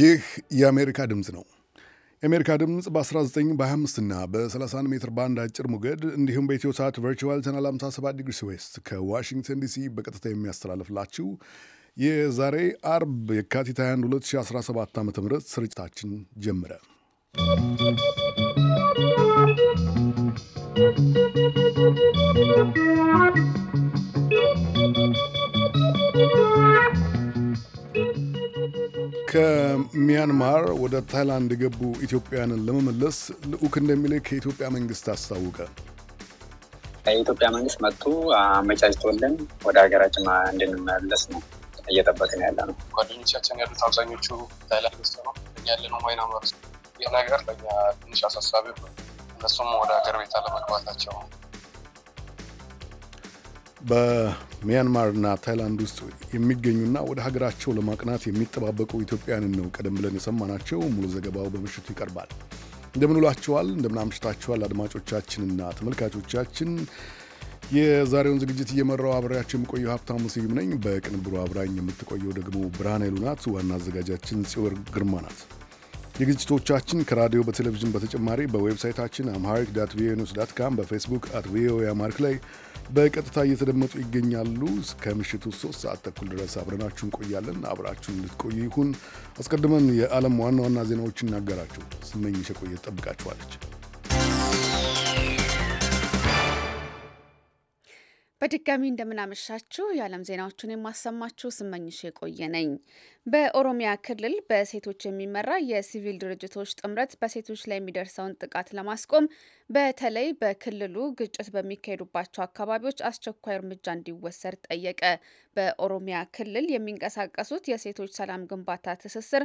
ይህ የአሜሪካ ድምፅ ነው። የአሜሪካ ድምፅ በ19 በ25ና በ31 ሜትር ባንድ አጭር ሞገድ እንዲሁም በኢትዮ ሰዓት ቨርቹዋል ቻናል 57 ዲግሪ ዌስት ከዋሽንግተን ዲሲ በቀጥታ የሚያስተላልፍላችሁ የዛሬ አርብ የካቲት 21 2017 ዓ ም ስርጭታችን ጀምረ ¶¶ ከሚያንማር ወደ ታይላንድ የገቡ ኢትዮጵያውያንን ለመመለስ ልዑክ እንደሚልክ የኢትዮጵያ መንግስት አስታወቀ። የኢትዮጵያ መንግስት መጥቶ አመቻችቶልን ወደ ሀገራችን እንድንመለስ ነው እየጠበቅን ያለ ነው። ጓደኞቻችን ያሉት አብዛኞቹ ታይላንድ ውስጥ ነው። እኛ ያለነው ማይናማር። ይህ ነገር ለእኛ ትንሽ አሳሳቢ እነሱም ወደ ሀገር ቤት አለመግባታቸው ነው። በሚያንማርና ታይላንድ ውስጥ የሚገኙና ወደ ሀገራቸው ለማቅናት የሚጠባበቁ ኢትዮጵያውያንን ነው ቀደም ብለን የሰማናቸው። ሙሉ ዘገባው በምሽቱ ይቀርባል። እንደምንውላችኋል፣ እንደምናምሽታችኋል አድማጮቻችንና ተመልካቾቻችን። የዛሬውን ዝግጅት እየመራው አብሬያቸው የሚቆየው ሀብታሙ ስዩም ነኝ። በቅንብሩ አብራኝ የምትቆየው ደግሞ ብርሃን ሉናት፣ ናት። ዋና አዘጋጃችን ጽዮን ግርማ ናት። ዝግጅቶቻችን ከራዲዮ በቴሌቪዥን በተጨማሪ በዌብሳይታችን አምሃሪክ ዳት ቪኦኤ ኒውስ ዳት ካም በፌስቡክ አት ቪኦኤ አማሪክ ላይ በቀጥታ እየተደመጡ ይገኛሉ። እስከ ምሽቱ ሶስት ሰዓት ተኩል ድረስ አብረናችሁ እንቆያለን። አብራችሁን እንድትቆዩ ይሁን። አስቀድመን የዓለም ዋና ዋና ዜናዎችን እናገራችሁ ስመኝ ሸቆየ ትጠብቃችኋለች። በድጋሚ እንደምናመሻችሁ የዓለም ዜናዎችን የማሰማችሁ ስመኝሽ የቆየ ነኝ። በኦሮሚያ ክልል በሴቶች የሚመራ የሲቪል ድርጅቶች ጥምረት በሴቶች ላይ የሚደርሰውን ጥቃት ለማስቆም በተለይ በክልሉ ግጭት በሚካሄዱባቸው አካባቢዎች አስቸኳይ እርምጃ እንዲወሰድ ጠየቀ። በኦሮሚያ ክልል የሚንቀሳቀሱት የሴቶች ሰላም ግንባታ ትስስር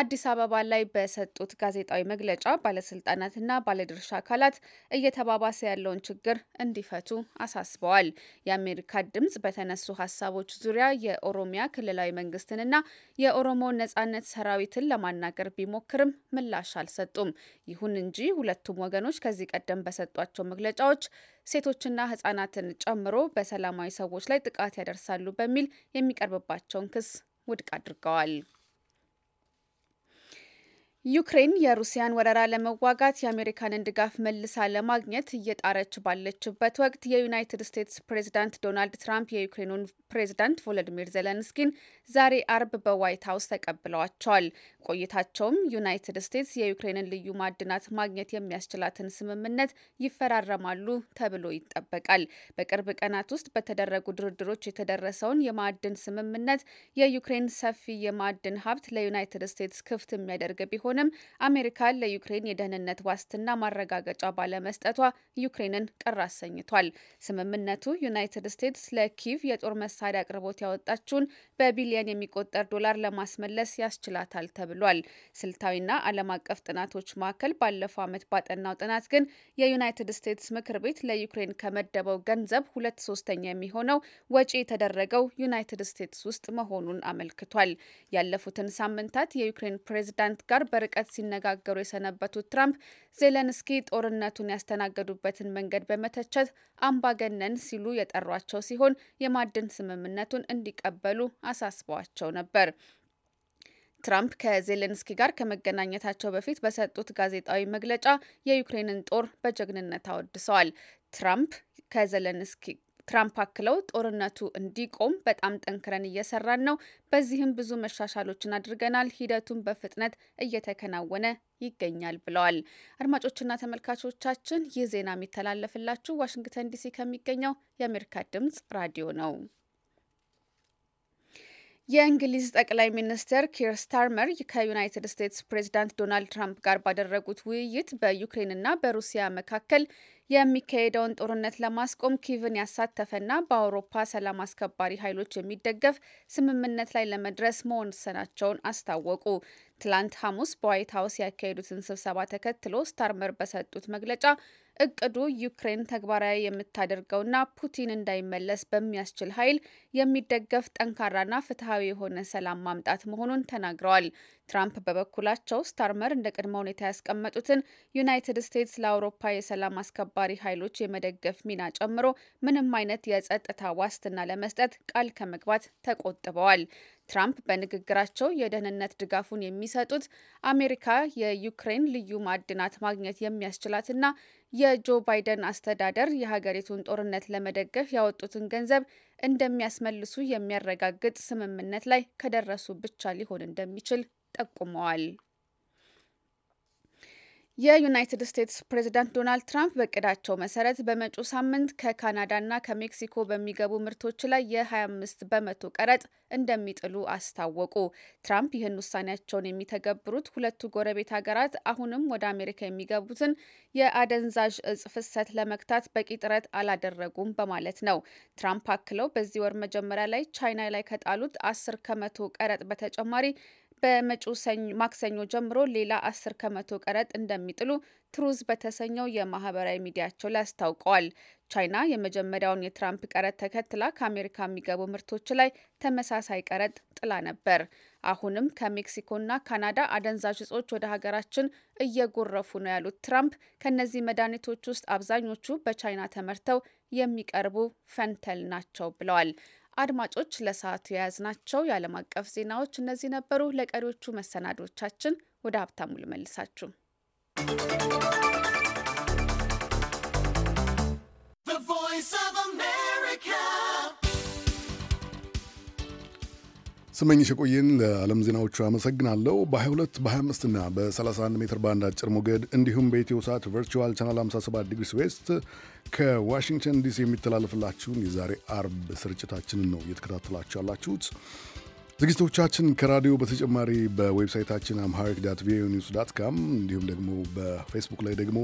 አዲስ አበባ ላይ በሰጡት ጋዜጣዊ መግለጫ ባለስልጣናትና ባለድርሻ አካላት እየተባባሰ ያለውን ችግር እንዲፈቱ አሳስበዋል። የአሜሪካ ድምጽ በተነሱ ሀሳቦች ዙሪያ የኦሮሚያ ክልላዊ መንግስትንና የኦሮሞ ነጻነት ሰራዊትን ለማናገር ቢሞክርም ምላሽ አልሰጡም። ይሁን እንጂ ሁለቱም ወገኖች ከዚህ ቀደም በሰጧቸው መግለጫዎች ሴቶችና ህጻናትን ጨምሮ በሰላማዊ ሰዎች ላይ ጥቃት ያደርሳሉ በሚል የሚቀርብባቸውን ክስ ውድቅ አድርገዋል። ዩክሬን የሩሲያን ወረራ ለመዋጋት የአሜሪካንን ድጋፍ መልሳ ለማግኘት እየጣረች ባለችበት ወቅት የዩናይትድ ስቴትስ ፕሬዚዳንት ዶናልድ ትራምፕ የዩክሬኑን ፕሬዚዳንት ቮሎዲሚር ዘለንስኪን ዛሬ አርብ በዋይት ሀውስ ተቀብለዋቸዋል። ቆይታቸውም ዩናይትድ ስቴትስ የዩክሬንን ልዩ ማዕድናት ማግኘት የሚያስችላትን ስምምነት ይፈራረማሉ ተብሎ ይጠበቃል። በቅርብ ቀናት ውስጥ በተደረጉ ድርድሮች የተደረሰውን የማዕድን ስምምነት የዩክሬን ሰፊ የማዕድን ሀብት ለዩናይትድ ስቴትስ ክፍት የሚያደርግ ቢሆን ቢሆንም አሜሪካን ለዩክሬን የደህንነት ዋስትና ማረጋገጫ ባለመስጠቷ ዩክሬንን ቅር አሰኝቷል። ስምምነቱ ዩናይትድ ስቴትስ ለኪቭ የጦር መሳሪያ አቅርቦት ያወጣችውን በቢሊየን የሚቆጠር ዶላር ለማስመለስ ያስችላታል ተብሏል። ስልታዊና ዓለም አቀፍ ጥናቶች ማዕከል ባለፈው ዓመት ባጠናው ጥናት ግን የዩናይትድ ስቴትስ ምክር ቤት ለዩክሬን ከመደበው ገንዘብ ሁለት ሶስተኛ የሚሆነው ወጪ የተደረገው ዩናይትድ ስቴትስ ውስጥ መሆኑን አመልክቷል። ያለፉትን ሳምንታት የዩክሬን ፕሬዚዳንት ጋር በ በርቀት ሲነጋገሩ የሰነበቱት ትራምፕ ዜለንስኪ ጦርነቱን ያስተናገዱበትን መንገድ በመተቸት አምባገነን ሲሉ የጠሯቸው ሲሆን የማዕድን ስምምነቱን እንዲቀበሉ አሳስበዋቸው ነበር። ትራምፕ ከዜሌንስኪ ጋር ከመገናኘታቸው በፊት በሰጡት ጋዜጣዊ መግለጫ የዩክሬንን ጦር በጀግንነት አወድሰዋል። ትራምፕ ከዜሌንስኪ ትራምፕ አክለው ጦርነቱ እንዲቆም በጣም ጠንክረን እየሰራን ነው። በዚህም ብዙ መሻሻሎችን አድርገናል። ሂደቱን በፍጥነት እየተከናወነ ይገኛል ብለዋል። አድማጮችና ተመልካቾቻችን ይህ ዜና የሚተላለፍላችሁ ዋሽንግተን ዲሲ ከሚገኘው የአሜሪካ ድምጽ ራዲዮ ነው። የእንግሊዝ ጠቅላይ ሚኒስትር ኪር ስታርመር ከዩናይትድ ስቴትስ ፕሬዚዳንት ዶናልድ ትራምፕ ጋር ባደረጉት ውይይት በዩክሬንና በሩሲያ መካከል የሚካሄደውን ጦርነት ለማስቆም ኪቭን ያሳተፈና በአውሮፓ ሰላም አስከባሪ ኃይሎች የሚደገፍ ስምምነት ላይ ለመድረስ መወሰናቸውን አስታወቁ። ትላንት ሐሙስ በዋይት ሀውስ ያካሄዱትን ስብሰባ ተከትሎ ስታርመር በሰጡት መግለጫ እቅዱ ዩክሬን ተግባራዊ የምታደርገውና ፑቲን እንዳይመለስ በሚያስችል ኃይል የሚደገፍ ጠንካራና ፍትሐዊ የሆነ ሰላም ማምጣት መሆኑን ተናግረዋል። ትራምፕ በበኩላቸው ስታርመር እንደ ቅድመ ሁኔታ ያስቀመጡትን ዩናይትድ ስቴትስ ለአውሮፓ የሰላም አስከባሪ ኃይሎች የመደገፍ ሚና ጨምሮ ምንም አይነት የጸጥታ ዋስትና ለመስጠት ቃል ከመግባት ተቆጥበዋል። ትራምፕ በንግግራቸው የደህንነት ድጋፉን የሚሰጡት አሜሪካ የዩክሬን ልዩ ማዕድናት ማግኘት የሚያስችላትና የጆ ባይደን አስተዳደር የሀገሪቱን ጦርነት ለመደገፍ ያወጡትን ገንዘብ እንደሚያስመልሱ የሚያረጋግጥ ስምምነት ላይ ከደረሱ ብቻ ሊሆን እንደሚችል ጠቁመዋል። የዩናይትድ ስቴትስ ፕሬዚዳንት ዶናልድ ትራምፕ በእቅዳቸው መሰረት በመጪው ሳምንት ከካናዳና ከሜክሲኮ በሚገቡ ምርቶች ላይ የ25 በመቶ ቀረጥ እንደሚጥሉ አስታወቁ። ትራምፕ ይህን ውሳኔያቸውን የሚተገብሩት ሁለቱ ጎረቤት ሀገራት አሁንም ወደ አሜሪካ የሚገቡትን የአደንዛዥ እጽ ፍሰት ለመግታት በቂ ጥረት አላደረጉም በማለት ነው። ትራምፕ አክለው በዚህ ወር መጀመሪያ ላይ ቻይና ላይ ከጣሉት አስር ከመቶ ቀረጥ በተጨማሪ በመጪው ማክሰኞ ጀምሮ ሌላ አስር ከመቶ ቀረጥ እንደሚጥሉ ትሩዝ በተሰኘው የማህበራዊ ሚዲያቸው ላይ አስታውቀዋል። ቻይና የመጀመሪያውን የትራምፕ ቀረጥ ተከትላ ከአሜሪካ የሚገቡ ምርቶች ላይ ተመሳሳይ ቀረጥ ጥላ ነበር። አሁንም ከሜክሲኮና ካናዳ አደንዛዥ እጾች ወደ ሀገራችን እየጎረፉ ነው ያሉት ትራምፕ ከእነዚህ መድኃኒቶች ውስጥ አብዛኞቹ በቻይና ተመርተው የሚቀርቡ ፈንተል ናቸው ብለዋል። አድማጮች ለሰዓቱ የያዝናቸው የዓለም አቀፍ ዜናዎች እነዚህ ነበሩ። ለቀሪዎቹ መሰናዶቻችን ወደ ሀብታሙ ልመልሳችሁ። ስመኝሽ የቆየን ለዓለም ዜናዎቹ አመሰግናለሁ። በ22 በ25 እና በ31 ሜትር ባንድ አጭር ሞገድ እንዲሁም በኢትዮ ሰዓት ቨርቹዋል ቻናል 57 ዲግሪስ ዌስት ከዋሽንግተን ዲሲ የሚተላለፍላችሁን የዛሬ አርብ ስርጭታችንን ነው እየተከታተላችሁ ያላችሁት። ዝግጅቶቻችን ከራዲዮ በተጨማሪ በዌብሳይታችን አምሃሪክ ዳት ቪኦኤ ኒውስ ዳት ካም እንዲሁም ደግሞ በፌስቡክ ላይ ደግሞ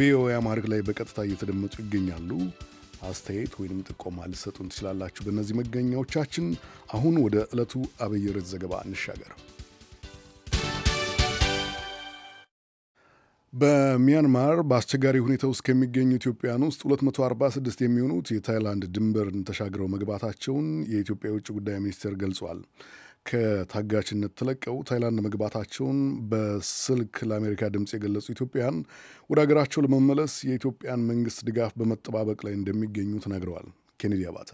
ቪኦኤ አምሃሪክ ላይ በቀጥታ እየተደመጡ ይገኛሉ። አስተያየት ወይንም ጥቆማ ልሰጡን ትችላላችሁ በእነዚህ መገኛዎቻችን። አሁን ወደ ዕለቱ አብይ ርዕስ ዘገባ እንሻገር። በሚያንማር በአስቸጋሪ ሁኔታ ውስጥ ከሚገኙ ኢትዮጵያውያን ውስጥ 246 የሚሆኑት የታይላንድ ድንበርን ተሻግረው መግባታቸውን የኢትዮጵያ የውጭ ጉዳይ ሚኒስቴር ገልጿል። ከታጋችነት ተለቀው ታይላንድ መግባታቸውን በስልክ ለአሜሪካ ድምፅ የገለጹ ኢትዮጵያን ወደ ሀገራቸው ለመመለስ የኢትዮጵያን መንግስት ድጋፍ በመጠባበቅ ላይ እንደሚገኙ ተናግረዋል። ኬኔዲ አባተ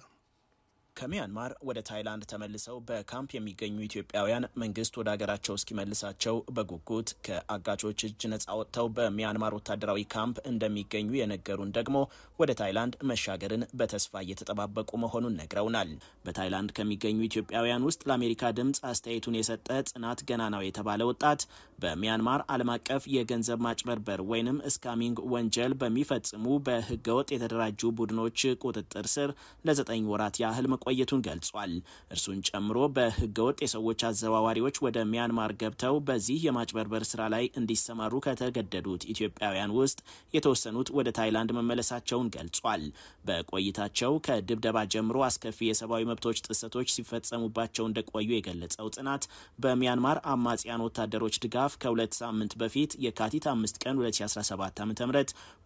ከሚያንማር ወደ ታይላንድ ተመልሰው በካምፕ የሚገኙ ኢትዮጵያውያን መንግስት ወደ ሀገራቸው እስኪመልሳቸው በጉጉት ከአጋቾች እጅ ነጻ ወጥተው በሚያንማር ወታደራዊ ካምፕ እንደሚገኙ የነገሩን ደግሞ ወደ ታይላንድ መሻገርን በተስፋ እየተጠባበቁ መሆኑን ነግረውናል። በታይላንድ ከሚገኙ ኢትዮጵያውያን ውስጥ ለአሜሪካ ድምፅ አስተያየቱን የሰጠ ጽናት ገናናው የተባለ ወጣት በሚያንማር ዓለም አቀፍ የገንዘብ ማጭበርበር ወይንም ስካሚንግ ወንጀል በሚፈጽሙ በህገወጥ የተደራጁ ቡድኖች ቁጥጥር ስር ለዘጠኝ ወራት ያህል መቆየቱን ገልጿል። እርሱን ጨምሮ በህገወጥ የሰዎች አዘዋዋሪዎች ወደ ሚያንማር ገብተው በዚህ የማጭበርበር ስራ ላይ እንዲሰማሩ ከተገደዱት ኢትዮጵያውያን ውስጥ የተወሰኑት ወደ ታይላንድ መመለሳቸውን ገልጿል። በቆይታቸው ከድብደባ ጀምሮ አስከፊ የሰብአዊ መብቶች ጥሰቶች ሲፈጸሙባቸው እንደቆዩ የገለጸው ጥናት በሚያንማር አማጽያን ወታደሮች ድጋፍ ከሁለት ሳምንት በፊት የካቲት አምስት ቀን 2017 ዓ ም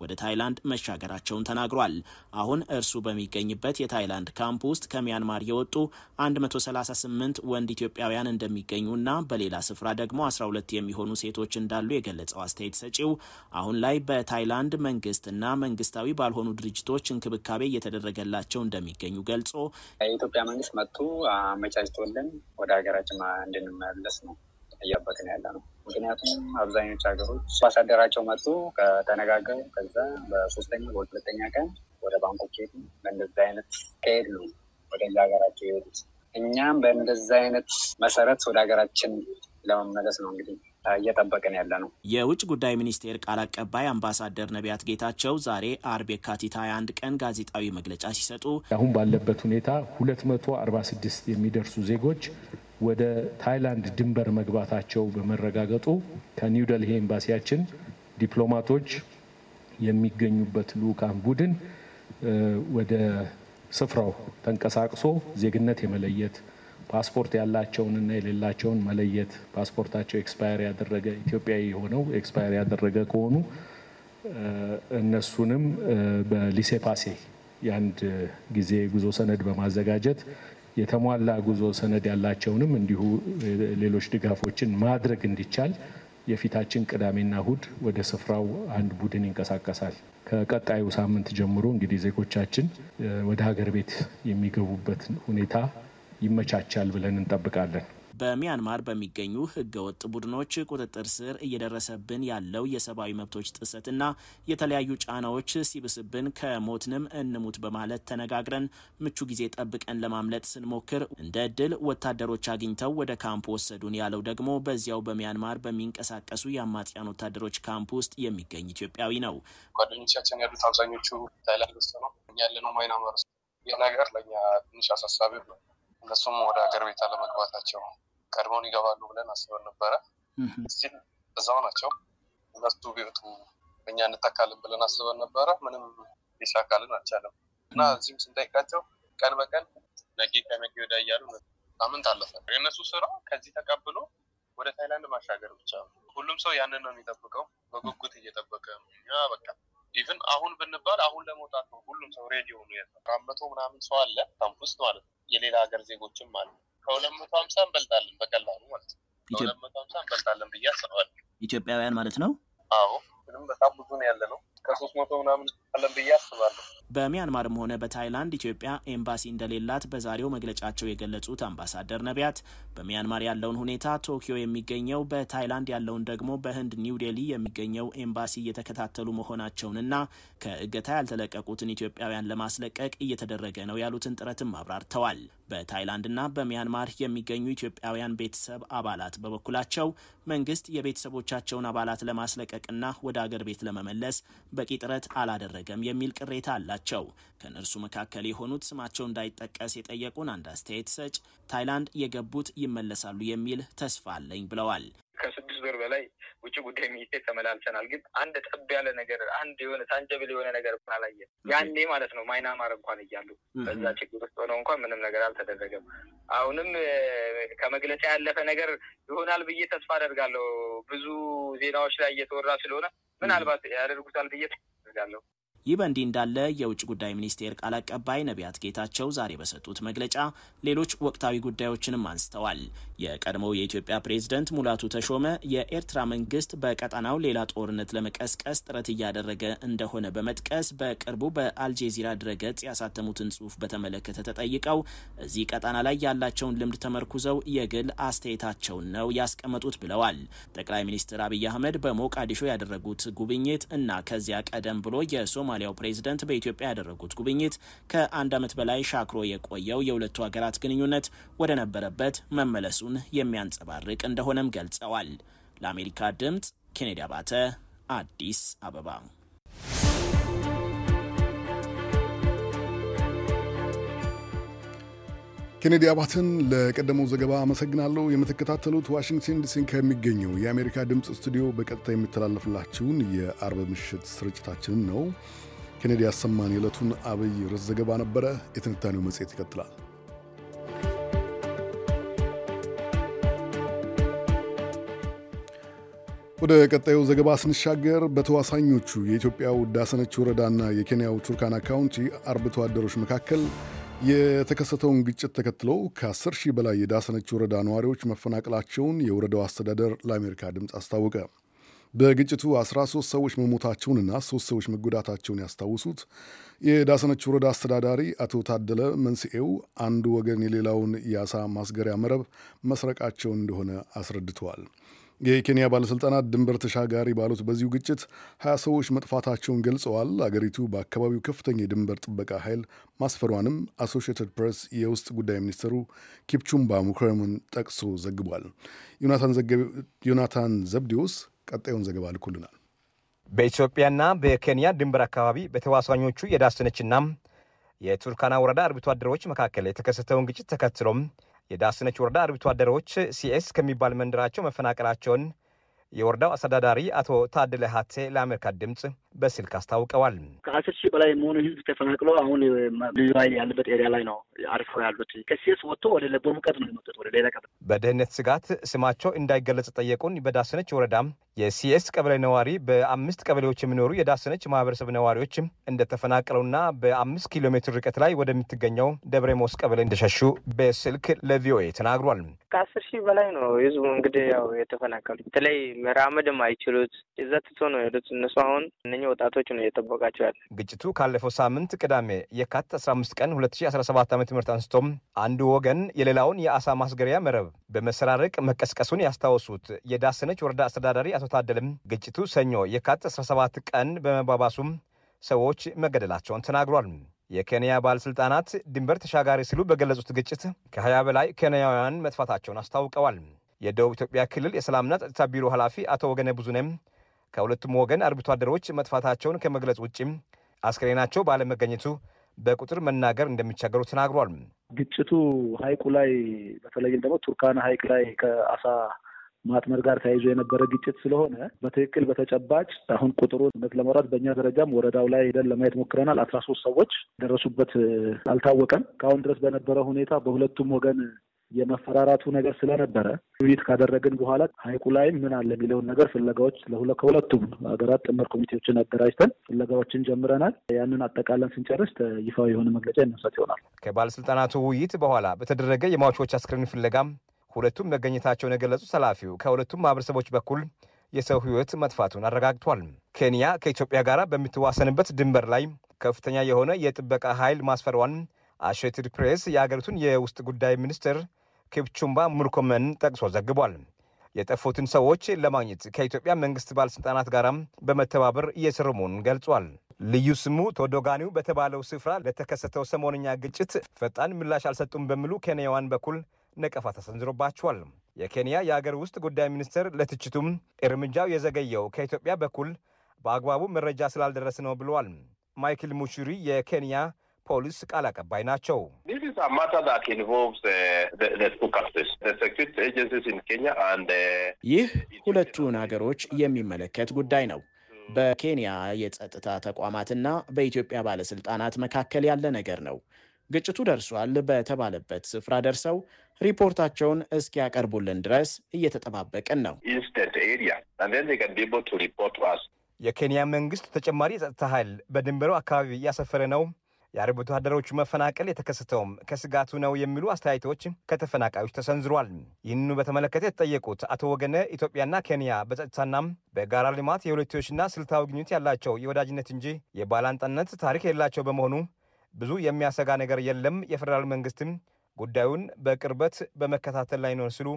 ወደ ታይላንድ መሻገራቸውን ተናግሯል። አሁን እርሱ በሚገኝበት የታይላንድ ካምፕ ውስጥ ከሚ ከሚያንማር የወጡ 138 ወንድ ኢትዮጵያውያን እንደሚገኙና በሌላ ስፍራ ደግሞ 12 የሚሆኑ ሴቶች እንዳሉ የገለጸው አስተያየት ሰጪው አሁን ላይ በታይላንድ መንግስትና መንግስታዊ ባልሆኑ ድርጅቶች እንክብካቤ እየተደረገላቸው እንደሚገኙ ገልጾ የኢትዮጵያ መንግስት መጥቶ አመቻችቶልን ወደ ሀገራችን እንድንመለስ ነው እያበቅን ያለ ነው። ምክንያቱም አብዛኞቹ ሀገሮች አምባሳደራቸው መጡ ከተነጋገሩ ከዛ በሶስተኛ በሁለተኛ ቀን ወደ ባንኮክ ሄዱ። በእንደዚህ አይነት ከሄድ ነው ወደ ሀገራቸው የሄዱት። እኛም በእንደዛ አይነት መሰረት ወደ ሀገራችን ለመመለስ ነው እንግዲህ እየጠበቅን ያለ ነው። የውጭ ጉዳይ ሚኒስቴር ቃል አቀባይ አምባሳደር ነቢያት ጌታቸው ዛሬ አርብ የካቲት 21 ቀን ጋዜጣዊ መግለጫ ሲሰጡ አሁን ባለበት ሁኔታ 246 የሚደርሱ ዜጎች ወደ ታይላንድ ድንበር መግባታቸው በመረጋገጡ ከኒው ደልሂ ኤምባሲያችን ዲፕሎማቶች የሚገኙበት ልዑካን ቡድን ወደ ስፍራው ተንቀሳቅሶ ዜግነት የመለየት ፓስፖርት ያላቸውንና የሌላቸውን መለየት ፓስፖርታቸው ኤክስፓየር ያደረገ ኢትዮጵያዊ የሆነው ኤክስፓየር ያደረገ ከሆኑ እነሱንም በሊሴ ፓሴ የአንድ ጊዜ ጉዞ ሰነድ በማዘጋጀት የተሟላ ጉዞ ሰነድ ያላቸውንም እንዲሁ ሌሎች ድጋፎችን ማድረግ እንዲቻል የፊታችን ቅዳሜና እሁድ ወደ ስፍራው አንድ ቡድን ይንቀሳቀሳል። ከቀጣዩ ሳምንት ጀምሮ እንግዲህ ዜጎቻችን ወደ ሀገር ቤት የሚገቡበት ሁኔታ ይመቻቻል ብለን እንጠብቃለን። በሚያንማር በሚገኙ ህገወጥ ቡድኖች ቁጥጥር ስር እየደረሰብን ያለው የሰብአዊ መብቶች ጥሰትና የተለያዩ ጫናዎች ሲብስብን ከሞትንም እንሙት በማለት ተነጋግረን ምቹ ጊዜ ጠብቀን ለማምለጥ ስንሞክር እንደ እድል ወታደሮች አግኝተው ወደ ካምፕ ወሰዱን ያለው ደግሞ በዚያው በሚያንማር በሚንቀሳቀሱ የአማጽያን ወታደሮች ካምፕ ውስጥ የሚገኝ ኢትዮጵያዊ ነው። ጓደኞቻችን ያሉት አብዛኞቹ ታይላንድ ውስጥ ነው። እኛ ያለነው ማይናማር። ነገር ለእኛ ትንሽ አሳሳቢ ነው። እነሱም ወደ ሀገር ቤት አለመግባታቸው ቀድመውን ይገባሉ ብለን አስበን ነበረ። ስቲል እዛው ናቸው እነሱ ቢወጡ እኛ እንተካልን ብለን አስበን ነበረ። ምንም ሊሳካልን አልቻለም እና እዚህም ስንጠይቃቸው ቀን በቀን ነገ ከነገ ወዲያ እያሉ ሳምንት አለፈ። የእነሱ ስራ ከዚህ ተቀብሎ ወደ ታይላንድ ማሻገር ብቻ ነው። ሁሉም ሰው ያንን ነው የሚጠብቀው፣ በጉጉት እየጠበቀ ነው። በቃ ኢቭን አሁን ብንባል አሁን ለመውጣት ነው ሁሉም ሰው ሬዲ ሆኑ። አራት ምናምን ሰው አለ ካምፕ ውስጥ ማለት ነው። የሌላ ሀገር ዜጎችም አለ ከሁለት መቶ ሀምሳ እንበልጣለን በቀላሉ ማለት ነው። ከሁለት መቶ ሀምሳ እንበልጣለን ብዬ አስባለሁ። ኢትዮጵያውያን ማለት ነው። አዎ ምንም በጣም ብዙ ነው ያለ ነው ከሶስት መቶ ምናምን አለን ብዬ አስባለሁ። በሚያንማርም ሆነ በታይላንድ ኢትዮጵያ ኤምባሲ እንደሌላት በዛሬው መግለጫቸው የገለጹት አምባሳደር ነቢያት በሚያንማር ያለውን ሁኔታ ቶኪዮ የሚገኘው በታይላንድ ያለውን ደግሞ በህንድ ኒው ዴሊ የሚገኘው ኤምባሲ እየተከታተሉ መሆናቸውንና ከእገታ ያልተለቀቁትን ኢትዮጵያውያን ለማስለቀቅ እየተደረገ ነው ያሉትን ጥረትም አብራርተዋል። በታይላንድና በሚያንማር የሚገኙ ኢትዮጵያውያን ቤተሰብ አባላት በበኩላቸው መንግስት የቤተሰቦቻቸውን አባላት ለማስለቀቅና ወደ አገር ቤት ለመመለስ በቂ ጥረት አላደረገም አልተደረገም የሚል ቅሬታ አላቸው። ከእነርሱ መካከል የሆኑት ስማቸው እንዳይጠቀስ የጠየቁን አንድ አስተያየት ሰጭ ታይላንድ የገቡት ይመለሳሉ የሚል ተስፋ አለኝ ብለዋል። ከስድስት ወር በላይ ውጭ ጉዳይ ሚኒስቴር ተመላልሰናል። ግን አንድ ጠብ ያለ ነገር አንድ የሆነ ታንጀብል የሆነ ነገር አላየን። ያኔ ማለት ነው ማይናማር እንኳን እያሉ በዛ ችግር ውስጥ ሆነው እንኳን ምንም ነገር አልተደረገም። አሁንም ከመግለጫ ያለፈ ነገር ይሆናል ብዬ ተስፋ አደርጋለሁ። ብዙ ዜናዎች ላይ እየተወራ ስለሆነ ምናልባት ያደርጉታል ብዬ ተስፋ አደርጋለሁ። ይህ በእንዲህ እንዳለ የውጭ ጉዳይ ሚኒስቴር ቃል አቀባይ ነቢያት ጌታቸው ዛሬ በሰጡት መግለጫ ሌሎች ወቅታዊ ጉዳዮችንም አንስተዋል። የቀድሞው የኢትዮጵያ ፕሬዝደንት ሙላቱ ተሾመ የኤርትራ መንግስት በቀጠናው ሌላ ጦርነት ለመቀስቀስ ጥረት እያደረገ እንደሆነ በመጥቀስ በቅርቡ በአልጄዚራ ድረገጽ ያሳተሙትን ጽሑፍ በተመለከተ ተጠይቀው እዚህ ቀጠና ላይ ያላቸውን ልምድ ተመርኩዘው የግል አስተያየታቸውን ነው ያስቀመጡት ብለዋል። ጠቅላይ ሚኒስትር አብይ አህመድ በሞቃዲሾ ያደረጉት ጉብኝት እና ከዚያ ቀደም ብሎ የሶ የሶማሊያው ፕሬዝደንት በኢትዮጵያ ያደረጉት ጉብኝት ከአንድ ዓመት በላይ ሻክሮ የቆየው የሁለቱ ሀገራት ግንኙነት ወደ ነበረበት መመለሱን የሚያንጸባርቅ እንደሆነም ገልጸዋል። ለአሜሪካ ድምፅ ኬኔዲ አባተ አዲስ አበባ ኬኔዲ አባትን ለቀደመው ዘገባ አመሰግናለሁ። የምትከታተሉት ዋሽንግተን ዲሲን ከሚገኘው የአሜሪካ ድምፅ ስቱዲዮ በቀጥታ የሚተላለፍላችሁን የአርብ ምሽት ስርጭታችንን ነው። ኬኔዲ አሰማን የዕለቱን አብይ ርዕስ ዘገባ ነበረ። የትንታኔው መጽሔት ይቀጥላል። ወደ ቀጣዩ ዘገባ ስንሻገር በተዋሳኞቹ የኢትዮጵያው ዳሰነች ወረዳና የኬንያው ቱርካና ካውንቲ አርብቶ አደሮች መካከል የተከሰተውን ግጭት ተከትሎ ከ10 ሺህ በላይ የዳሰነች ወረዳ ነዋሪዎች መፈናቀላቸውን የወረዳው አስተዳደር ለአሜሪካ ድምፅ አስታወቀ። በግጭቱ 13 ሰዎች መሞታቸውንና ሶስት ሰዎች መጎዳታቸውን ያስታውሱት የዳሰነች ወረዳ አስተዳዳሪ አቶ ታደለ መንስኤው አንዱ ወገን የሌላውን የአሳ ማስገሪያ መረብ መስረቃቸውን እንደሆነ አስረድተዋል። የኬንያ ባለሥልጣናት ድንበር ተሻጋሪ ባሉት በዚሁ ግጭት ሀያ ሰዎች መጥፋታቸውን ገልጸዋል። አገሪቱ በአካባቢው ከፍተኛ የድንበር ጥበቃ ኃይል ማስፈሯንም አሶሽትድ ፕሬስ የውስጥ ጉዳይ ሚኒስትሩ ኪፕቹምባ ሙከረምን ጠቅሶ ዘግቧል። ዮናታን ዘብዴዎስ ቀጣዩን ዘገባ ልኩልናል። በኢትዮጵያና በኬንያ ድንበር አካባቢ በተዋሳኞቹ የዳሰነችና የቱርካና ወረዳ አርብቶ አደሮች መካከል የተከሰተውን ግጭት ተከትሎም የዳስነች ወረዳ አርብቶ አደሮች ሲኤስ ከሚባል መንደራቸው መፈናቀላቸውን የወረዳው አስተዳዳሪ አቶ ታድለ ሀቴ ለአሜሪካ ድምፅ በስልክ አስታውቀዋል። ከአስር ሺህ በላይ የሚሆኑ ህዝብ ተፈናቅሎ አሁን ልዩ ኃይል ያለበት ኤሪያ ላይ ነው አርፈው ያሉት። ከሴስ ወጥቶ ወደ ለቦ ሙቀት ነው የመጡት ወደ ሌላ ቀበሌ። በደህንነት ስጋት ስማቸው እንዳይገለጽ ጠየቁን በዳሰነች ወረዳ የሲኤስ ቀበሌ ነዋሪ በአምስት ቀበሌዎች የሚኖሩ የዳሰነች ማህበረሰብ ነዋሪዎች እንደተፈናቀለውና በአምስት ኪሎ ሜትር ርቀት ላይ ወደምትገኘው ደብረ ሞስ ቀበሌ እንደሸሹ በስልክ ለቪኦኤ ተናግሯል። ከአስር ሺህ በላይ ነው ህዝቡ እንግዲህ ያው የተፈናቀሉ በተለይ መራመድም አይችሉት እዛ ትቶ ነው ሄዱት። እነሱ አሁን እነኛ ወጣቶች ነው እየጠበቃቸው ያለ። ግጭቱ ካለፈው ሳምንት ቅዳሜ የካቲት 15 ቀን 2017 ዓ አስራ ምህረት አንስቶም አንድ ወገን የሌላውን የአሳ ማስገሪያ መረብ በመሰራረቅ መቀስቀሱን ያስታወሱት የዳሰነች ወረዳ አስተዳዳሪ አቶ ታደልም ግጭቱ ሰኞ የካቲት 17 ቀን በመባባሱም ሰዎች መገደላቸውን ተናግሯል። የኬንያ ባለሥልጣናት ድንበር ተሻጋሪ ሲሉ በገለጹት ግጭት ከ20 በላይ ኬንያውያን መጥፋታቸውን አስታውቀዋል። የደቡብ ኢትዮጵያ ክልል የሰላምና ጸጥታ ቢሮ ኃላፊ አቶ ወገነ ብዙነም ከሁለቱም ወገን አርብቶ አደሮች መጥፋታቸውን ከመግለጽ ውጭም አስክሬናቸው ባለመገኘቱ በቁጥር መናገር እንደሚቸገሩ ተናግሯል። ግጭቱ ሀይቁ ላይ በተለይም ደግሞ ቱርካና ሀይቅ ላይ ከአሳ ማጥመር ጋር ተያይዞ የነበረ ግጭት ስለሆነ በትክክል በተጨባጭ አሁን ቁጥሩን እውነት ለመውራት በእኛ ደረጃም ወረዳው ላይ ሄደን ለማየት ሞክረናል። አስራ ሶስት ሰዎች ደረሱበት አልታወቀም። ከአሁን ድረስ በነበረ ሁኔታ በሁለቱም ወገን የመፈራራቱ ነገር ስለነበረ ውይይት ካደረግን በኋላ ሀይቁ ላይ ምን አለ የሚለውን ነገር ፍለጋዎች ከሁለቱም ሀገራት ጥምር ኮሚቴዎችን አደራጅተን ፍለጋዎችን ጀምረናል። ያንን አጠቃለን ስንጨርስ ይፋ የሆነ መግለጫ ይነሳት ይሆናል። ከባለስልጣናቱ ውይይት በኋላ በተደረገ የሟቾች አስክሬን ፍለጋም ሁለቱም መገኘታቸውን የገለጹ ኃላፊው ከሁለቱም ማህበረሰቦች በኩል የሰው ህይወት መጥፋቱን አረጋግጧል። ኬንያ ከኢትዮጵያ ጋር በምትዋሰንበት ድንበር ላይ ከፍተኛ የሆነ የጥበቃ ኃይል ማስፈሯን አሶሼትድ ፕሬስ የአገሪቱን የውስጥ ጉዳይ ሚኒስትር ኬፕቹምባ ሙርኮመን ጠቅሶ ዘግቧል። የጠፉትን ሰዎች ለማግኘት ከኢትዮጵያ መንግስት ባለሥልጣናት ጋር በመተባበር እየሰሩ መሆኑን ገልጿል። ልዩ ስሙ ቶዶጋኒው በተባለው ስፍራ ለተከሰተው ሰሞነኛ ግጭት ፈጣን ምላሽ አልሰጡም በሚሉ ኬንያዋን በኩል ነቀፋ ተሰንዝሮባቸዋል። የኬንያ የአገር ውስጥ ጉዳይ ሚኒስትር ለትችቱም እርምጃው የዘገየው ከኢትዮጵያ በኩል በአግባቡ መረጃ ስላልደረስ ነው ብለዋል። ማይክል ሙቹሪ የኬንያ ፖሊስ ቃል አቀባይ ናቸው። uh, uh, ይህ ሁለቱን ሀገሮች የሚመለከት ጉዳይ ነው። በኬንያ የጸጥታ ተቋማትና በኢትዮጵያ ባለስልጣናት መካከል ያለ ነገር ነው። ግጭቱ ደርሷል በተባለበት ስፍራ ደርሰው ሪፖርታቸውን እስኪያቀርቡልን ድረስ እየተጠባበቅን ነው። የኬንያ መንግስት ተጨማሪ የጸጥታ ኃይል በድንበሩ አካባቢ እያሰፈረ ነው የአርብቶ አደሮቹ መፈናቀል የተከሰተውም ከስጋቱ ነው የሚሉ አስተያየቶች ከተፈናቃዮች ተሰንዝሯል። ይህንኑ በተመለከተ የተጠየቁት አቶ ወገነ ኢትዮጵያና ኬንያ በጸጥታና በጋራ ልማት የሁለትዮሽና ስልታዊ ግንኙነት ያላቸው የወዳጅነት እንጂ የባላንጣነት ታሪክ የሌላቸው በመሆኑ ብዙ የሚያሰጋ ነገር የለም፣ የፌዴራል መንግስትም ጉዳዩን በቅርበት በመከታተል ላይ ነው ሲሉ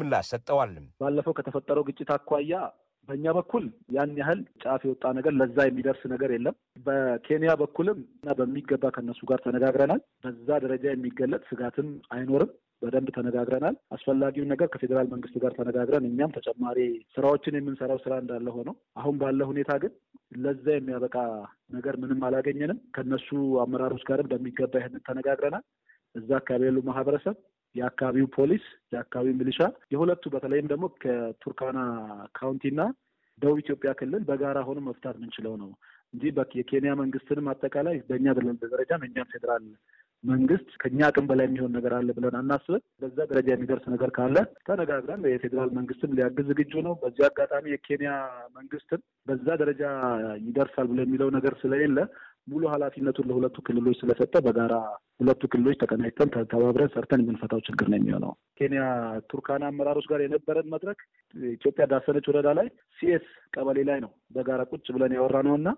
ምላሽ ሰጠዋል። ባለፈው ከተፈጠረው ግጭት አኳያ በእኛ በኩል ያን ያህል ጫፍ የወጣ ነገር ለዛ የሚደርስ ነገር የለም። በኬንያ በኩልም እና በሚገባ ከነሱ ጋር ተነጋግረናል። በዛ ደረጃ የሚገለጥ ስጋትም አይኖርም። በደንብ ተነጋግረናል። አስፈላጊውን ነገር ከፌዴራል መንግስት ጋር ተነጋግረን እኛም ተጨማሪ ስራዎችን የምንሰራው ስራ እንዳለ ሆኖ አሁን ባለ ሁኔታ ግን ለዛ የሚያበቃ ነገር ምንም አላገኘንም። ከነሱ አመራሮች ጋርም በሚገባ ይህንን ተነጋግረናል። እዛ አካባቢ ያሉ ማህበረሰብ የአካባቢው ፖሊስ፣ የአካባቢው ሚሊሻ የሁለቱ በተለይም ደግሞ ከቱርካና ካውንቲና ደቡብ ኢትዮጵያ ክልል በጋራ ሆኖ መፍታት የምንችለው ነው እንጂ የኬንያ መንግስትንም አጠቃላይ በእኛ ደረጃም የእኛም ፌዴራል መንግስት ከኛ አቅም በላይ የሚሆን ነገር አለ ብለን አናስብም። በዛ ደረጃ የሚደርስ ነገር ካለ ተነጋግረን የፌዴራል መንግስትም ሊያግዝ ዝግጁ ነው። በዚህ አጋጣሚ የኬንያ መንግስትም በዛ ደረጃ ይደርሳል ብሎ የሚለው ነገር ስለሌለ ሙሉ ኃላፊነቱን ለሁለቱ ክልሎች ስለሰጠ በጋራ ሁለቱ ክልሎች ተቀናጅተን ተባብረን ሰርተን የምንፈታው ችግር ነው የሚሆነው። ኬንያ ቱርካና አመራሮች ጋር የነበረን መድረክ ኢትዮጵያ ዳሰነች ወረዳ ላይ ሲኤስ ቀበሌ ላይ ነው በጋራ ቁጭ ብለን ያወራ ነው እና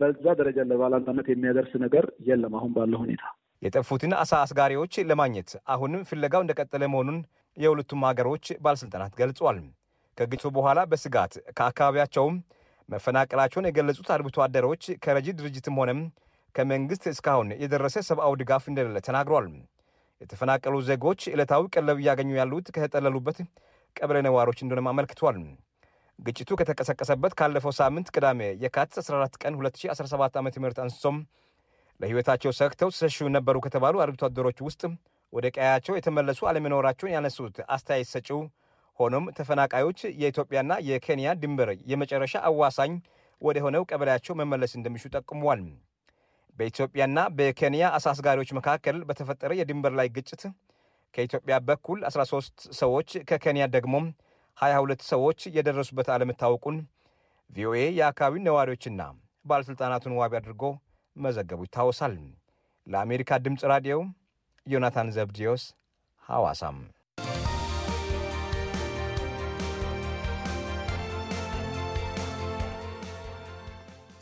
በዛ ደረጃ ለባላንጣነት የሚያደርስ ነገር የለም አሁን ባለው ሁኔታ። የጠፉትን አሳ አስጋሪዎች ለማግኘት አሁንም ፍለጋው እንደቀጠለ መሆኑን የሁለቱም ሀገሮች ባለስልጣናት ገልጿል። ከግጭቱ በኋላ በስጋት ከአካባቢያቸውም መፈናቀላቸውን የገለጹት አርብቶ አደሮች ከረጂ ድርጅትም ሆነም ከመንግስት እስካሁን የደረሰ ሰብአዊ ድጋፍ እንደሌለ ተናግሯል። የተፈናቀሉ ዜጎች ዕለታዊ ቀለብ እያገኙ ያሉት ከተጠለሉበት ቀበሌ ነዋሪዎች እንደሆነም አመልክቷል። ግጭቱ ከተቀሰቀሰበት ካለፈው ሳምንት ቅዳሜ የካቲት 14 ቀን 2017 ዓ ም አንስቶም ለሕይወታቸው ሰግተው ሲሸሹ ነበሩ ከተባሉ አርብቶ አደሮች ውስጥ ወደ ቀያቸው የተመለሱ አለመኖራቸውን ያነሱት አስተያየት ሰጪው ሆኖም ተፈናቃዮች የኢትዮጵያና የኬንያ ድንበር የመጨረሻ አዋሳኝ ወደ ሆነው ቀበሌያቸው መመለስ እንደሚሹ ጠቁመዋል። በኢትዮጵያና በኬንያ አሳስጋሪዎች መካከል በተፈጠረ የድንበር ላይ ግጭት ከኢትዮጵያ በኩል 13 ሰዎች ከኬንያ ደግሞ 22 ሰዎች የደረሱበት አለመታወቁን ቪኦኤ የአካባቢው ነዋሪዎችና ባለሥልጣናቱን ዋቢ አድርጎ መዘገቡ ይታወሳል። ለአሜሪካ ድምፅ ራዲዮ ዮናታን ዘብዲዮስ ሐዋሳም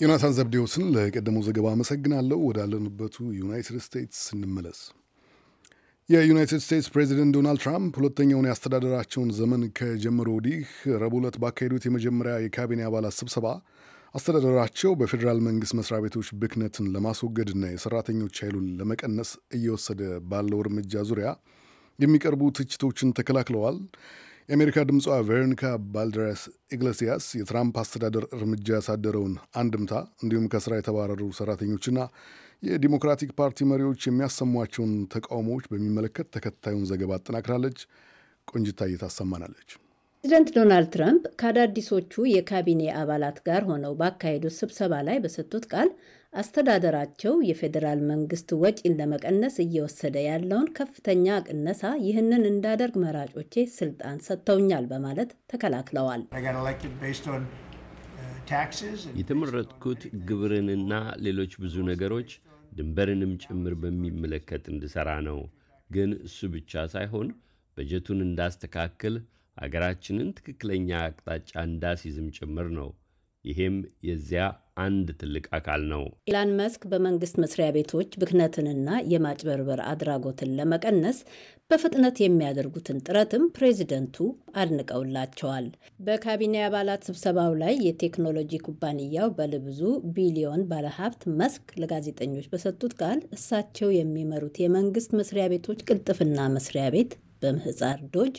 ዮናታን ዘብዴዎስን ለቀደመው ዘገባ አመሰግናለሁ። ወዳለንበቱ ዩናይትድ ስቴትስ እንመለስ። የዩናይትድ ስቴትስ ፕሬዚደንት ዶናልድ ትራምፕ ሁለተኛውን የአስተዳደራቸውን ዘመን ከጀመሩ ወዲህ ረቡዕ ዕለት ባካሄዱት የመጀመሪያ የካቢኔ አባላት ስብሰባ አስተዳደራቸው በፌዴራል መንግስት መስሪያ ቤቶች ብክነትን ለማስወገድና የሠራተኞች ኃይሉን ለመቀነስ እየወሰደ ባለው እርምጃ ዙሪያ የሚቀርቡ ትችቶችን ተከላክለዋል። የአሜሪካ ድምጿ ቬሮኒካ ባልደራስ ኢግሌሲያስ የትራምፕ አስተዳደር እርምጃ ያሳደረውን አንድምታ እንዲሁም ከስራ የተባረሩ ሰራተኞችና የዲሞክራቲክ ፓርቲ መሪዎች የሚያሰሟቸውን ተቃውሞዎች በሚመለከት ተከታዩን ዘገባ አጠናክራለች። ቆንጅታ እየታሰማናለች። ፕሬዚደንት ዶናልድ ትራምፕ ከአዳዲሶቹ የካቢኔ አባላት ጋር ሆነው ባካሄዱት ስብሰባ ላይ በሰጡት ቃል አስተዳደራቸው የፌዴራል መንግስት ወጪን ለመቀነስ እየወሰደ ያለውን ከፍተኛ ቅነሳ ይህንን እንዳደርግ መራጮቼ ስልጣን ሰጥተውኛል በማለት ተከላክለዋል። uh, የተመረጥኩት ግብርንና ሌሎች ብዙ ነገሮች ድንበርንም ጭምር በሚመለከት እንድሠራ ነው። ግን እሱ ብቻ ሳይሆን በጀቱን እንዳስተካክል አገራችንን ትክክለኛ አቅጣጫ እንዳስይዝም ጭምር ነው። ይህም የዚያ አንድ ትልቅ አካል ነው። ኢላን መስክ በመንግስት መስሪያ ቤቶች ብክነትንና የማጭበርበር አድራጎትን ለመቀነስ በፍጥነት የሚያደርጉትን ጥረትም ፕሬዚደንቱ አድንቀውላቸዋል። በካቢኔ አባላት ስብሰባው ላይ የቴክኖሎጂ ኩባንያው ባለብዙ ቢሊዮን ባለሀብት መስክ ለጋዜጠኞች በሰጡት ቃል እሳቸው የሚመሩት የመንግስት መስሪያ ቤቶች ቅልጥፍና መስሪያ ቤት በምህጻር ዶጅ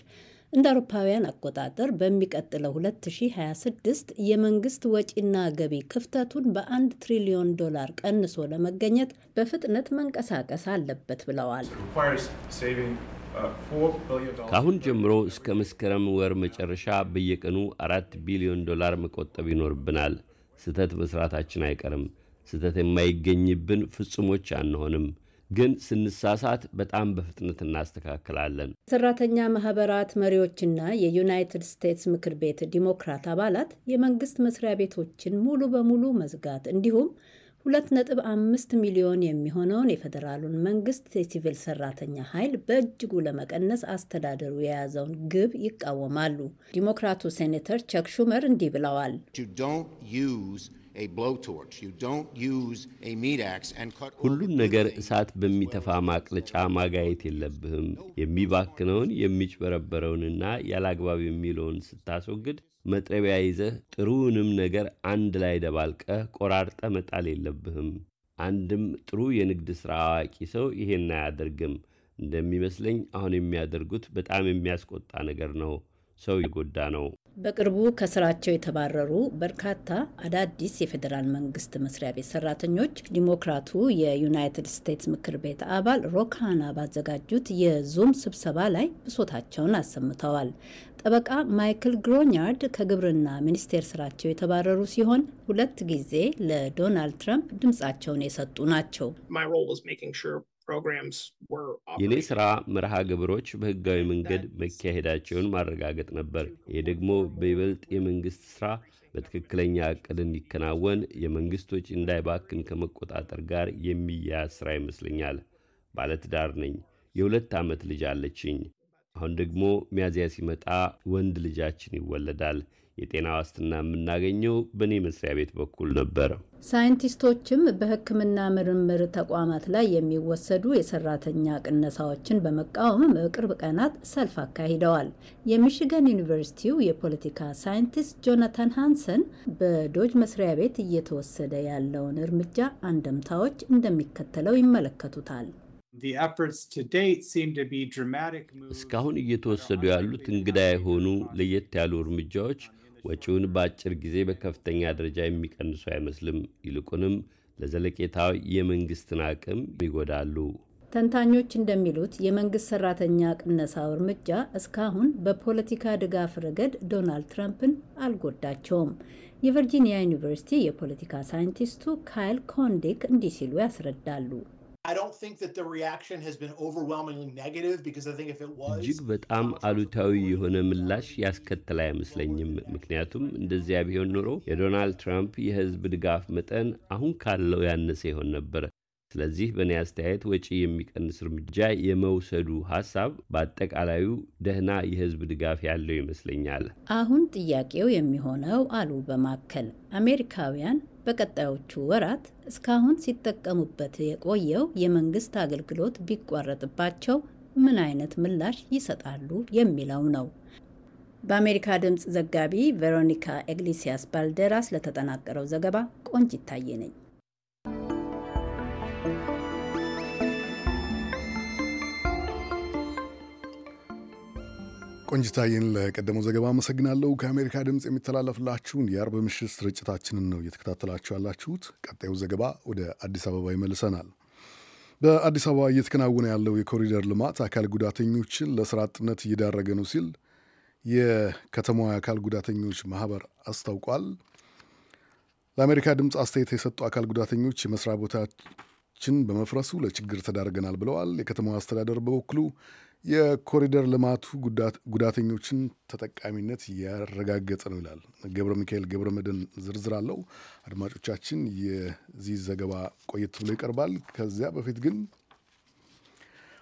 እንደ አውሮፓውያን አቆጣጠር በሚቀጥለው 2026 የመንግስት ወጪና ገቢ ክፍተቱን በአንድ ትሪሊዮን ዶላር ቀንሶ ለመገኘት በፍጥነት መንቀሳቀስ አለበት ብለዋል። uh, ከአሁን ጀምሮ እስከ መስከረም ወር መጨረሻ በየቀኑ አራት ቢሊዮን ዶላር መቆጠብ ይኖርብናል። ስህተት መስራታችን አይቀርም። ስህተት የማይገኝብን ፍጹሞች አንሆንም። ግን ስንሳሳት በጣም በፍጥነት እናስተካክላለን። ሰራተኛ ማህበራት መሪዎችና የዩናይትድ ስቴትስ ምክር ቤት ዲሞክራት አባላት የመንግስት መስሪያ ቤቶችን ሙሉ በሙሉ መዝጋት እንዲሁም 2.5 ሚሊዮን የሚሆነውን የፌዴራሉን መንግስት የሲቪል ሰራተኛ ኃይል በእጅጉ ለመቀነስ አስተዳደሩ የያዘውን ግብ ይቃወማሉ። ዲሞክራቱ ሴኔተር ቸክ ሹመር እንዲህ ብለዋል። ሁሉን ነገር እሳት በሚተፋ ማቅለጫ ማጋየት የለብህም። የሚባክነውን የሚጭበረበረውንና ያላግባብ የሚለውን ስታስወግድ መጥረቢያ ይዘህ ጥሩውንም ነገር አንድ ላይ ደባልቀህ ቆራርጠ መጣል የለብህም። አንድም ጥሩ የንግድ ሥራ አዋቂ ሰው ይሄን አያደርግም። እንደሚመስለኝ አሁን የሚያደርጉት በጣም የሚያስቆጣ ነገር ነው። ሰው የጎዳ ነው። በቅርቡ ከስራቸው የተባረሩ በርካታ አዳዲስ የፌዴራል መንግስት መስሪያ ቤት ሰራተኞች ዲሞክራቱ የዩናይትድ ስቴትስ ምክር ቤት አባል ሮካና ባዘጋጁት የዙም ስብሰባ ላይ ብሶታቸውን አሰምተዋል። ጠበቃ ማይክል ግሮኛርድ ከግብርና ሚኒስቴር ስራቸው የተባረሩ ሲሆን ሁለት ጊዜ ለዶናልድ ትራምፕ ድምጻቸውን የሰጡ ናቸው። የእኔ ሥራ መርሃ ግብሮች በሕጋዊ መንገድ መካሄዳቸውን ማረጋገጥ ነበር። ይህ ደግሞ በይበልጥ የመንግሥት ሥራ በትክክለኛ ዕቅድ እንዲከናወን፣ የመንግሥት ወጪ እንዳይባክን ከመቆጣጠር ጋር የሚያያዝ ሥራ ይመስለኛል። ባለትዳር ነኝ። የሁለት ዓመት ልጅ አለችኝ። አሁን ደግሞ ሚያዝያ ሲመጣ ወንድ ልጃችን ይወለዳል። የጤና ዋስትና የምናገኘው በእኔ መስሪያ ቤት በኩል ነበር። ሳይንቲስቶችም በሕክምና ምርምር ተቋማት ላይ የሚወሰዱ የሰራተኛ ቅነሳዎችን በመቃወም በቅርብ ቀናት ሰልፍ አካሂደዋል። የሚሽገን ዩኒቨርሲቲው የፖለቲካ ሳይንቲስት ጆናታን ሃንሰን በዶጅ መስሪያ ቤት እየተወሰደ ያለውን እርምጃ አንደምታዎች እንደሚከተለው ይመለከቱታል። እስካሁን እየተወሰዱ ያሉት እንግዳ የሆኑ ለየት ያሉ እርምጃዎች ወጪውን በአጭር ጊዜ በከፍተኛ ደረጃ የሚቀንሱ አይመስልም። ይልቁንም ለዘለቄታው የመንግስትን አቅም ይጎዳሉ። ተንታኞች እንደሚሉት የመንግስት ሰራተኛ ቅነሳው እርምጃ እስካሁን በፖለቲካ ድጋፍ ረገድ ዶናልድ ትራምፕን አልጎዳቸውም። የቨርጂኒያ ዩኒቨርሲቲ የፖለቲካ ሳይንቲስቱ ካይል ኮንዲክ እንዲህ ሲሉ ያስረዳሉ። don't think that the reaction has been overwhelmingly negative because I think if it was እጅግ በጣም አሉታዊ የሆነ ምላሽ ያስከተለ አይመስለኝም። ምክንያቱም እንደዚያ ቢሆን ኖሮ የዶናልድ ትራምፕ የህዝብ ድጋፍ መጠን አሁን ካለው ያነሰ ይሆን ነበር። ስለዚህ በእኔ አስተያየት ወጪ የሚቀንስ እርምጃ የመውሰዱ ሀሳብ በአጠቃላዩ ደህና የህዝብ ድጋፍ ያለው ይመስለኛል። አሁን ጥያቄው የሚሆነው አሉ በማከል አሜሪካውያን በቀጣዮቹ ወራት እስካሁን ሲጠቀሙበት የቆየው የመንግስት አገልግሎት ቢቋረጥባቸው ምን አይነት ምላሽ ይሰጣሉ የሚለው ነው። በአሜሪካ ድምፅ ዘጋቢ ቬሮኒካ ኤግሊሲያስ ባልደራስ ለተጠናቀረው ዘገባ ቆንጅ ይታየ ነኝ። ቆንጅታዬን ለቀደመው ዘገባ አመሰግናለሁ። ከአሜሪካ ድምፅ የሚተላለፍላችሁን የአርብ ምሽት ስርጭታችንን ነው እየተከታተላችሁ ያላችሁት። ቀጣዩ ዘገባ ወደ አዲስ አበባ ይመልሰናል። በአዲስ አበባ እየተከናወነ ያለው የኮሪደር ልማት አካል ጉዳተኞችን ለስራ አጥነት እየዳረገ ነው ሲል የከተማዋ የአካል ጉዳተኞች ማህበር አስታውቋል። ለአሜሪካ ድምፅ አስተያየት የሰጡ አካል ጉዳተኞች የመስሪያ ቦታችን በመፍረሱ ለችግር ተዳርገናል ብለዋል። የከተማዋ አስተዳደር በበኩሉ የኮሪደር ልማቱ ጉዳተኞችን ተጠቃሚነት ያረጋገጠ ነው ይላል ገብረ ሚካኤል ገብረ መድን። ዝርዝር አለው። አድማጮቻችን የዚህ ዘገባ ቆየት ብሎ ይቀርባል። ከዚያ በፊት ግን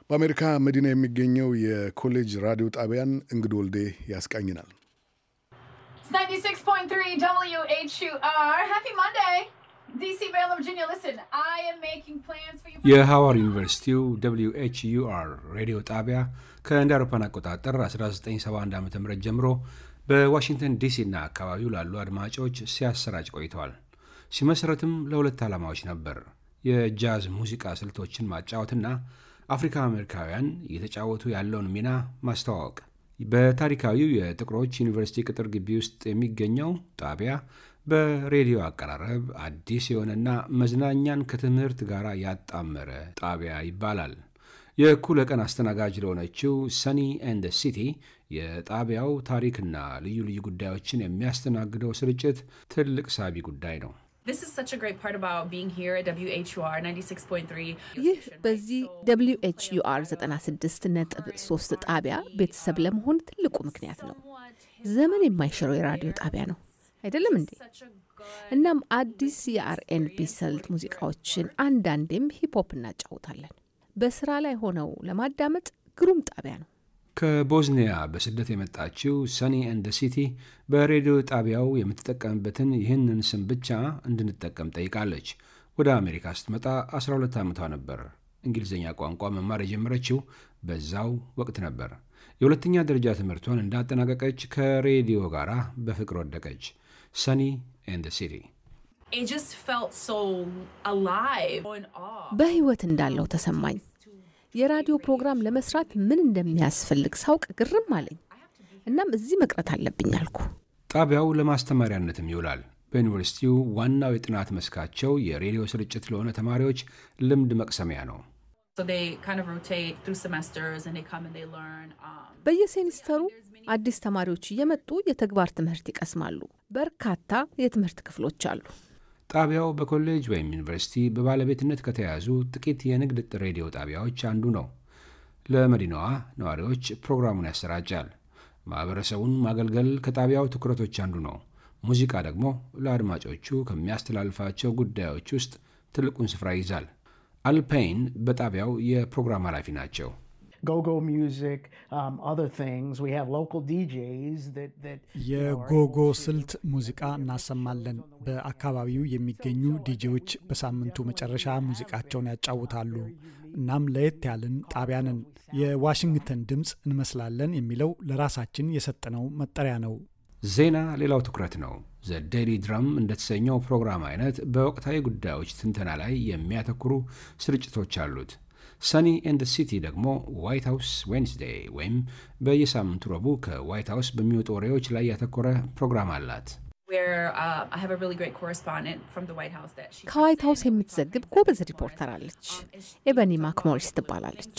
በአሜሪካ መዲና የሚገኘው የኮሌጅ ራዲዮ ጣቢያን እንግድ ወልዴ ያስቃኝናል። 96.3 WHUR Happy Monday! የሃዋር ዩኒቨርሲቲው ደብልዩ ኤች ዩ ሬዲዮ ጣቢያ ከእንደ አውሮፓን አቆጣጠር 1971 ዓ ም ጀምሮ በዋሽንግተን ዲሲ እና አካባቢው ላሉ አድማጮች ሲያሰራጭ ቆይተዋል። ሲመሰረትም ለሁለት ዓላማዎች ነበር፤ የጃዝ ሙዚቃ ስልቶችን ማጫወትና አፍሪካ አሜሪካውያን እየተጫወቱ ያለውን ሚና ማስተዋወቅ። በታሪካዊው የጥቁሮች ዩኒቨርሲቲ ቅጥር ግቢ ውስጥ የሚገኘው ጣቢያ በሬዲዮ አቀራረብ አዲስ የሆነና መዝናኛን ከትምህርት ጋር ያጣመረ ጣቢያ ይባላል። የእኩለ ቀን አስተናጋጅ ለሆነችው ሰኒ ኤንድ ሲቲ የጣቢያው ታሪክና ልዩ ልዩ ጉዳዮችን የሚያስተናግደው ስርጭት ትልቅ ሳቢ ጉዳይ ነው። ይህ በዚህ ደብሊው ኤች ዩ አር 96 ነጥብ 3 ጣቢያ ቤተሰብ ለመሆን ትልቁ ምክንያት ነው። ዘመን የማይሽረው የራዲዮ ጣቢያ ነው። አይደለም እንዴ? እናም አዲስ የአርኤንቢ ሰልት ሙዚቃዎችን አንዳንዴም ሂፖፕ እናጫውታለን። በስራ ላይ ሆነው ለማዳመጥ ግሩም ጣቢያ ነው። ከቦዝኒያ በስደት የመጣችው ሰኒ ኤንድ ሲቲ በሬዲዮ ጣቢያው የምትጠቀምበትን ይህንን ስም ብቻ እንድንጠቀም ጠይቃለች። ወደ አሜሪካ ስትመጣ 12 ዓመቷ ነበር። እንግሊዝኛ ቋንቋ መማር የጀመረችው በዛው ወቅት ነበር። የሁለተኛ ደረጃ ትምህርቷን እንዳጠናቀቀች ከሬዲዮ ጋር በፍቅር ወደቀች። ሰኒ ኤንድ ሲቲ በህይወት እንዳለው ተሰማኝ። የራዲዮ ፕሮግራም ለመስራት ምን እንደሚያስፈልግ ሳውቅ ግርም አለኝ። እናም እዚህ መቅረት አለብኝ አልኩ። ጣቢያው ለማስተማሪያነትም ይውላል። በዩኒቨርሲቲው ዋናው የጥናት መስካቸው የሬዲዮ ስርጭት ለሆነ ተማሪዎች ልምድ መቅሰሚያ ነው። በየሴሚስተሩ አዲስ ተማሪዎች እየመጡ የተግባር ትምህርት ይቀስማሉ። በርካታ የትምህርት ክፍሎች አሉ። ጣቢያው በኮሌጅ ወይም ዩኒቨርሲቲ በባለቤትነት ከተያዙ ጥቂት የንግድ ሬዲዮ ጣቢያዎች አንዱ ነው። ለመዲናዋ ነዋሪዎች ፕሮግራሙን ያሰራጫል። ማህበረሰቡን ማገልገል ከጣቢያው ትኩረቶች አንዱ ነው። ሙዚቃ ደግሞ ለአድማጮቹ ከሚያስተላልፋቸው ጉዳዮች ውስጥ ትልቁን ስፍራ ይይዛል። አልፔይን በጣቢያው የፕሮግራም ኃላፊ ናቸው። um, የጎጎ ስልት ሙዚቃ እናሰማለን። በአካባቢው የሚገኙ ዲጄዎች በሳምንቱ መጨረሻ ሙዚቃቸውን ያጫውታሉ። እናም ለየት ያልን ጣቢያንን የዋሽንግተን ድምፅ እንመስላለን የሚለው ለራሳችን የሰጠነው መጠሪያ ነው። ዜና ሌላው ትኩረት ነው። ዘ ዴይሊ ድራም እንደተሰኘው ፕሮግራም አይነት በወቅታዊ ጉዳዮች ትንተና ላይ የሚያተኩሩ ስርጭቶች አሉት። ሰኒ ኤንድ ሲቲ ደግሞ ዋይት ሀውስ ዌንስዴይ ወይም በየሳምንቱ ረቡዕ ከዋይት ሀውስ በሚወጡ ወሬዎች ላይ ያተኮረ ፕሮግራም አላት። uh, ከዋይት ሀውስ የምትዘግብ ጎበዝ ሪፖርተር አለች። um, ኤበኒ ማክሞሪስ ትባላለች።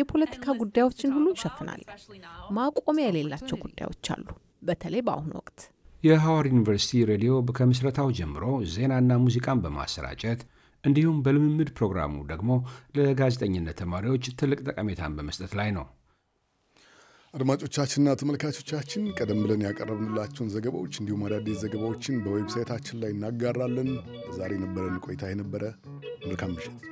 የፖለቲካ ጉዳዮችን ሁሉ እንሸፍናለን። ማቆሚያ የሌላቸው ጉዳዮች አሉ፣ በተለይ በአሁኑ ወቅት የሃዋርድ ዩኒቨርሲቲ ሬዲዮ ከምስረታው ጀምሮ ዜናና ሙዚቃን በማሰራጨት እንዲሁም በልምምድ ፕሮግራሙ ደግሞ ለጋዜጠኝነት ተማሪዎች ትልቅ ጠቀሜታን በመስጠት ላይ ነው። አድማጮቻችንና ተመልካቾቻችን ቀደም ብለን ያቀረብንላቸውን ዘገባዎች እንዲሁም አዳዲስ ዘገባዎችን በዌብሳይታችን ላይ እናጋራለን። ዛሬ የነበረን ቆይታ የነበረ መልካም ምሽት